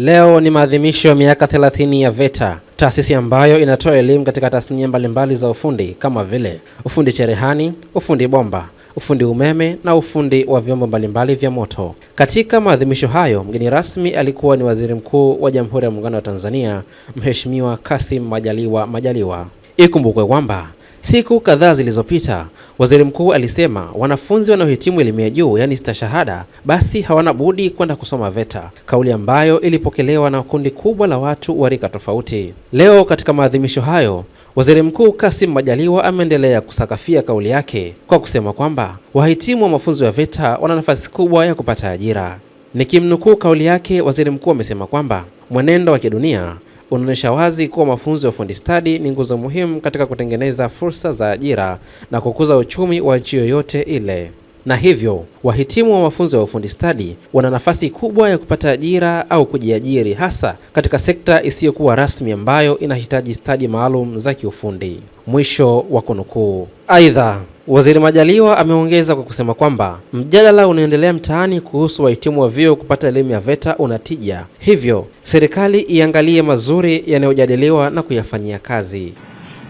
Leo ni maadhimisho ya miaka 30 ya VETA, taasisi ambayo inatoa elimu katika tasnia mbalimbali za ufundi kama vile ufundi cherehani, ufundi bomba, ufundi umeme na ufundi wa vyombo mbalimbali vya moto. Katika maadhimisho hayo, mgeni rasmi alikuwa ni Waziri Mkuu wa Jamhuri ya Muungano wa Tanzania, Mheshimiwa Kassim Majaliwa Majaliwa. Ikumbukwe kwamba Siku kadhaa zilizopita, waziri mkuu alisema wanafunzi wanaohitimu elimu ya juu yaani stashahada, basi hawana budi kwenda kusoma VETA, kauli ambayo ilipokelewa na kundi kubwa la watu wa rika tofauti. Leo katika maadhimisho hayo, waziri mkuu Kassim Majaliwa ameendelea kusakafia kauli yake kwa kusema kwamba wahitimu wa mafunzo ya VETA wana nafasi kubwa ya kupata ajira. Nikimnukuu kauli yake, waziri mkuu amesema kwamba mwenendo wa kidunia unaonyesha wazi kuwa mafunzo ya ufundi stadi ni nguzo muhimu katika kutengeneza fursa za ajira na kukuza uchumi wa nchi yoyote ile na hivyo wahitimu wa mafunzo ya ufundi stadi wana nafasi kubwa ya kupata ajira au kujiajiri, hasa katika sekta isiyokuwa rasmi ambayo inahitaji stadi maalum za kiufundi. Mwisho wa kunukuu. Aidha, Waziri Majaliwa ameongeza kwa kusema kwamba mjadala unaendelea mtaani kuhusu wahitimu wa vyuo kupata elimu ya VETA unatija hivyo serikali iangalie mazuri yanayojadiliwa na kuyafanyia kazi.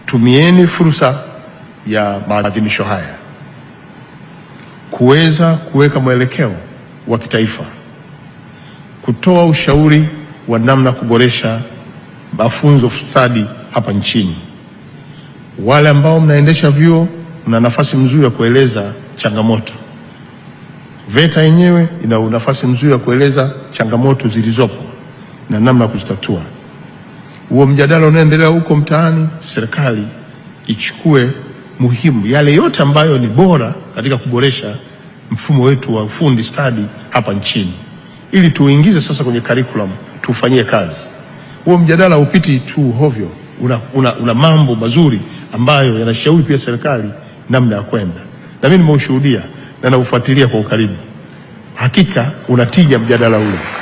Tumieni fursa ya maadhimisho haya kuweza kuweka mwelekeo wa kitaifa, kutoa ushauri wa namna kuboresha mafunzo stadi hapa nchini. Wale ambao mnaendesha vyuo na nafasi mzuri ya kueleza changamoto. VETA yenyewe ina nafasi mzuri ya kueleza changamoto zilizopo na namna ya kuzitatua. Huo mjadala unaendelea huko mtaani, serikali ichukue muhimu yale yote ambayo ni bora katika kuboresha mfumo wetu wa ufundi stadi hapa nchini, ili tuingize sasa kwenye curriculum, tufanyie kazi. Huo mjadala upiti tu hovyo, una, una, una mambo mazuri ambayo yanashauri pia serikali namna ya kwenda, na mimi nimeushuhudia na naufuatilia kwa ukaribu. Hakika unatija mjadala ule.